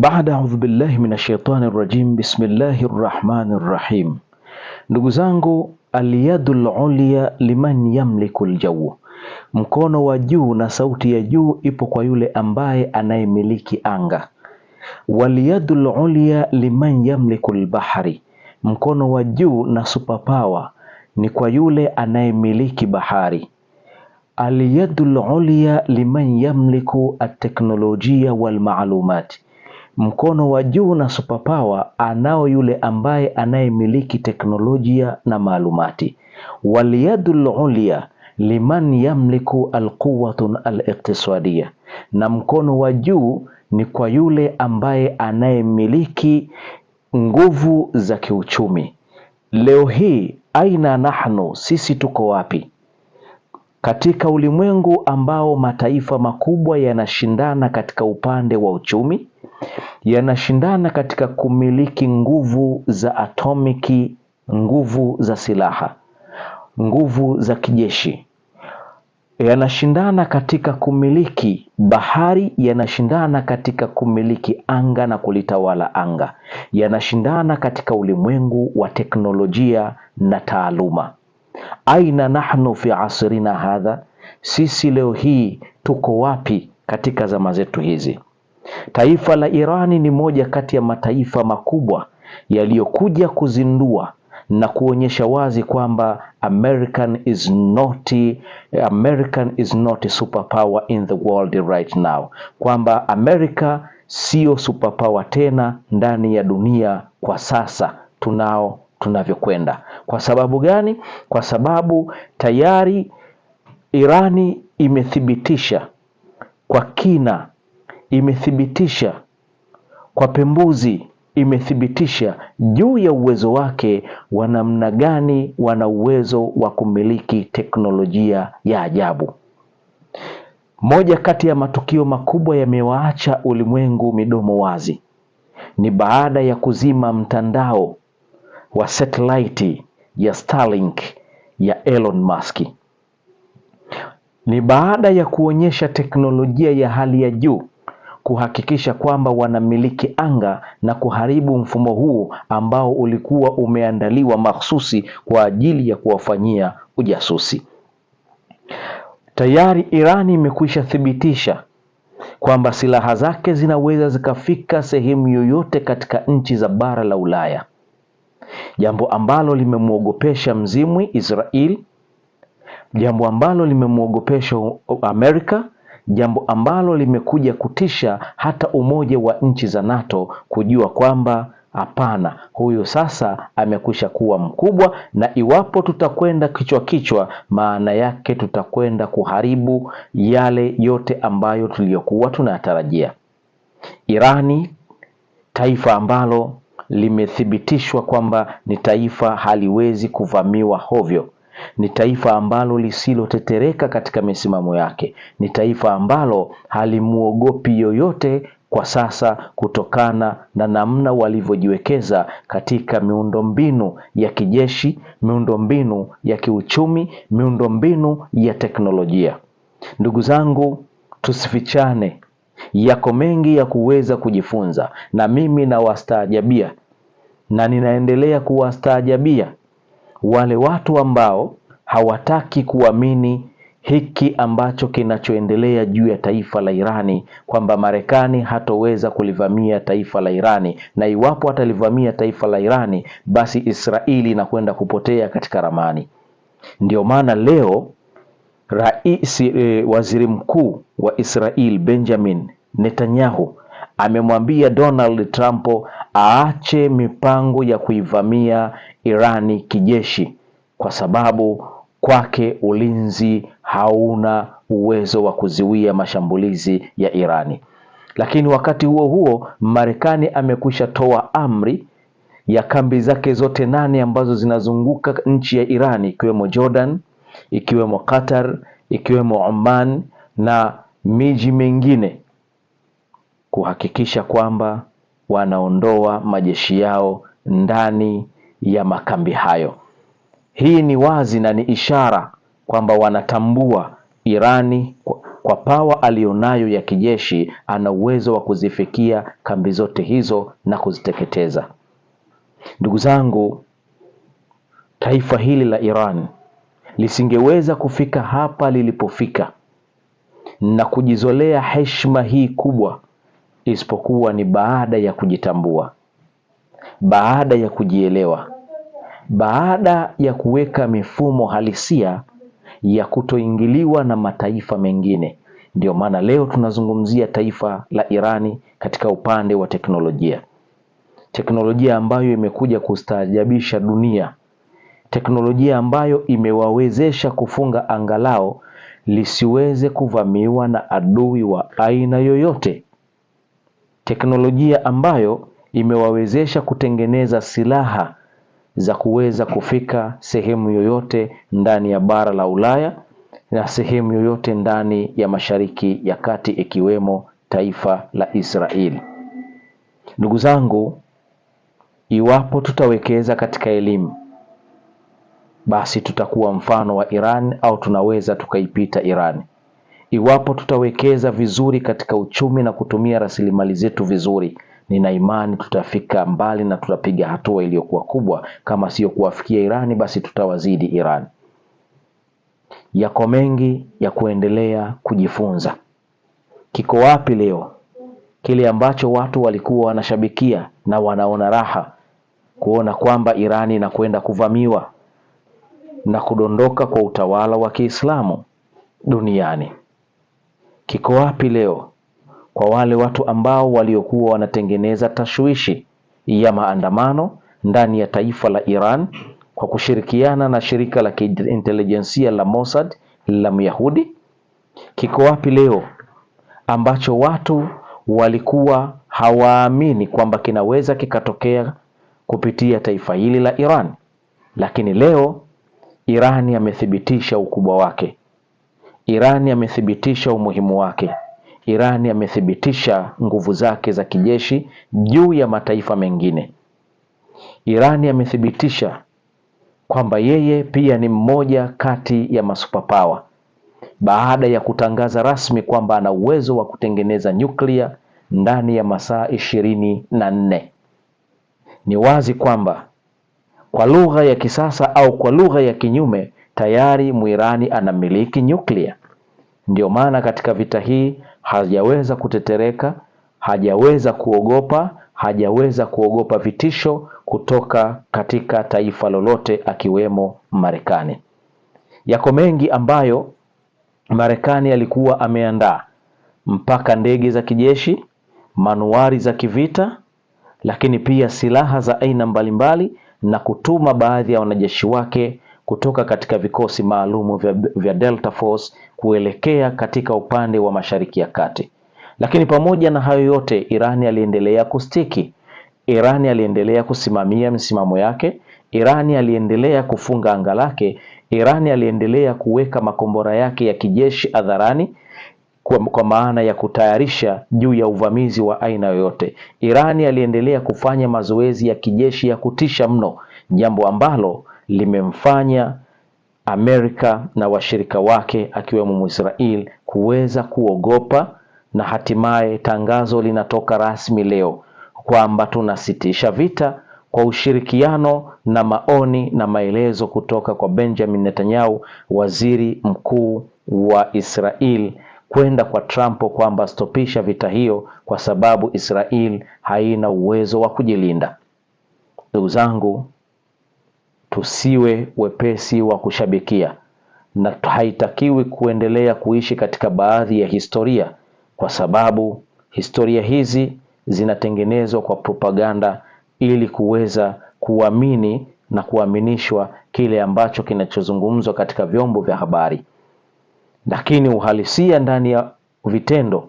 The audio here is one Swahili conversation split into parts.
Baada audhu billahi minashaitani rajim, bismillahi rrahmani rrahim. Ndugu zangu, alyadu lulia liman yamliku ljau, mkono wa juu na sauti ya juu ipo kwa yule ambaye anayemiliki anga. Walyadul lulia liman yamliku lbahari, mkono wa juu na superpower ni kwa yule anayemiliki bahari. alyadu lulia liman yamliku ateknolojia walmaalumati Mkono wa juu na superpower anao yule ambaye anayemiliki teknolojia na maalumati. Waliyadu ulia liman yamliku alquwatun aliktisadia na mkono wa juu ni kwa yule ambaye anayemiliki nguvu za kiuchumi. Leo hii aina nahnu, sisi tuko wapi katika ulimwengu ambao mataifa makubwa yanashindana katika upande wa uchumi? yanashindana katika kumiliki nguvu za atomiki, nguvu za silaha, nguvu za kijeshi, yanashindana katika kumiliki bahari, yanashindana katika kumiliki anga na kulitawala anga, yanashindana katika ulimwengu wa teknolojia na taaluma. Aina nahnu fi asrina hadha, sisi leo hii tuko wapi katika zama zetu hizi? Taifa la Irani ni moja kati ya mataifa makubwa yaliyokuja kuzindua na kuonyesha wazi kwamba American is not, American is not a superpower in the world right now, kwamba Amerika sio superpower tena ndani ya dunia kwa sasa tunao tunavyokwenda. Kwa sababu gani? Kwa sababu tayari Irani imethibitisha kwa kina imethibitisha kwa pembuzi imethibitisha juu ya uwezo wake wa namna gani wana uwezo wa kumiliki teknolojia ya ajabu. Moja kati ya matukio makubwa yamewaacha ulimwengu midomo wazi ni baada ya kuzima mtandao wa satellite ya Starlink ya Elon Musk. Ni baada ya kuonyesha teknolojia ya hali ya juu kuhakikisha kwamba wanamiliki anga na kuharibu mfumo huo ambao ulikuwa umeandaliwa mahsusi kwa ajili ya kuwafanyia ujasusi. Tayari Irani imekwisha thibitisha kwamba silaha zake zinaweza zikafika sehemu yoyote katika nchi za bara la Ulaya, jambo ambalo limemwogopesha mzimwi Israel, jambo ambalo limemwogopesha Amerika jambo ambalo limekuja kutisha hata umoja wa nchi za NATO kujua kwamba hapana, huyu sasa amekwisha kuwa mkubwa, na iwapo tutakwenda kichwa kichwa, maana yake tutakwenda kuharibu yale yote ambayo tuliyokuwa tunayatarajia. Irani, taifa ambalo limethibitishwa kwamba ni taifa haliwezi kuvamiwa hovyo, ni taifa ambalo lisilotetereka katika misimamo yake. Ni taifa ambalo halimuogopi yoyote kwa sasa kutokana na namna walivyojiwekeza katika miundombinu ya kijeshi, miundombinu ya kiuchumi, miundombinu ya teknolojia. Ndugu zangu, tusifichane, yako mengi ya kuweza kujifunza, na mimi nawastaajabia na ninaendelea kuwastaajabia wale watu ambao hawataki kuamini hiki ambacho kinachoendelea juu ya taifa la Irani, kwamba Marekani hatoweza kulivamia taifa la Irani, na iwapo atalivamia taifa la Irani, basi Israeli inakwenda kupotea katika ramani. Ndio maana leo rais, e, waziri mkuu wa Israel Benjamin Netanyahu amemwambia Donald Trump aache mipango ya kuivamia Irani kijeshi kwa sababu kwake ulinzi hauna uwezo wa kuziwia mashambulizi ya Irani. Lakini wakati huo huo, Marekani amekwisha toa amri ya kambi zake zote nane ambazo zinazunguka nchi ya Irani, ikiwemo Jordan, ikiwemo Qatar, ikiwemo Oman na miji mingine kuhakikisha kwamba wanaondoa majeshi yao ndani ya makambi hayo. Hii ni wazi na ni ishara kwamba wanatambua Irani kwa pawa aliyonayo ya kijeshi ana uwezo wa kuzifikia kambi zote hizo na kuziteketeza. Ndugu zangu, taifa hili la Iran lisingeweza kufika hapa lilipofika na kujizolea heshima hii kubwa isipokuwa ni baada ya kujitambua, baada ya kujielewa, baada ya kuweka mifumo halisia ya kutoingiliwa na mataifa mengine. Ndio maana leo tunazungumzia taifa la Irani katika upande wa teknolojia, teknolojia ambayo imekuja kustaajabisha dunia, teknolojia ambayo imewawezesha kufunga angalao lisiweze kuvamiwa na adui wa aina yoyote teknolojia ambayo imewawezesha kutengeneza silaha za kuweza kufika sehemu yoyote ndani ya bara la Ulaya na sehemu yoyote ndani ya Mashariki ya Kati ikiwemo taifa la Israeli. Ndugu zangu, iwapo tutawekeza katika elimu, basi tutakuwa mfano wa Iran au tunaweza tukaipita Iran. Iwapo tutawekeza vizuri katika uchumi na kutumia rasilimali zetu vizuri, nina imani tutafika mbali na tutapiga hatua iliyokuwa kubwa. Kama sio kuwafikia Irani, basi tutawazidi iran Yako mengi ya kuendelea kujifunza. Kiko wapi leo kile ambacho watu walikuwa wanashabikia na wanaona raha kuona kwamba Irani inakwenda kuvamiwa na kudondoka kwa utawala wa Kiislamu duniani? kiko wapi leo kwa wale watu ambao waliokuwa wanatengeneza tashwishi ya maandamano ndani ya taifa la Iran kwa kushirikiana na shirika la kiintelijensia la Mossad la Myahudi? Kiko wapi leo ambacho watu walikuwa hawaamini kwamba kinaweza kikatokea kupitia taifa hili la Iran? Lakini leo Iran amethibitisha ukubwa wake. Irani amethibitisha umuhimu wake. Irani amethibitisha nguvu zake za kijeshi juu ya mataifa mengine. Irani amethibitisha kwamba yeye pia ni mmoja kati ya masupapawa baada ya kutangaza rasmi kwamba ana uwezo wa kutengeneza nyuklia ndani ya masaa ishirini na nne. Ni wazi kwamba kwa lugha ya kisasa au kwa lugha ya kinyume tayari Mwirani anamiliki nyuklia. Ndio maana katika vita hii hajaweza kutetereka, hajaweza kuogopa, hajaweza kuogopa vitisho kutoka katika taifa lolote akiwemo Marekani. Yako mengi ambayo Marekani alikuwa ameandaa mpaka ndege za kijeshi, manuari za kivita, lakini pia silaha za aina mbalimbali na kutuma baadhi ya wanajeshi wake kutoka katika vikosi maalumu vya, vya Delta Force kuelekea katika upande wa Mashariki ya Kati. Lakini pamoja na hayo yote, Irani aliendelea kustiki. Irani aliendelea kusimamia misimamo yake. Irani aliendelea kufunga anga lake. Irani aliendelea kuweka makombora yake ya kijeshi hadharani kwa, kwa maana ya kutayarisha juu ya uvamizi wa aina yoyote. Irani aliendelea kufanya mazoezi ya kijeshi ya kutisha mno, jambo ambalo limemfanya Amerika na washirika wake akiwemo israel kuweza kuogopa, na hatimaye tangazo linatoka rasmi leo kwamba tunasitisha vita kwa ushirikiano na maoni na maelezo kutoka kwa Benjamin Netanyahu, waziri mkuu wa Israel, kwenda kwa Trump kwamba stopisha vita hiyo kwa sababu Israel haina uwezo wa kujilinda. Ndugu zangu, tusiwe wepesi wa kushabikia na haitakiwi kuendelea kuishi katika baadhi ya historia, kwa sababu historia hizi zinatengenezwa kwa propaganda ili kuweza kuamini na kuaminishwa kile ambacho kinachozungumzwa katika vyombo vya habari, lakini uhalisia ndani ya vitendo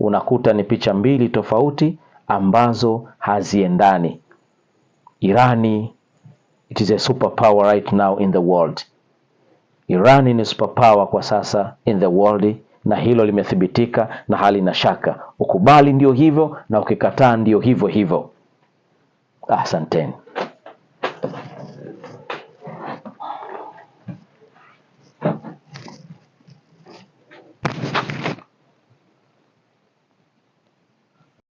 unakuta ni picha mbili tofauti ambazo haziendani. Irani It is a superpower right now in the world. Iran ni superpower kwa sasa in the world, na hilo limethibitika na hali na shaka. Ukubali ndio hivyo, na ukikataa ndio hivyo hivyo. Asanteni.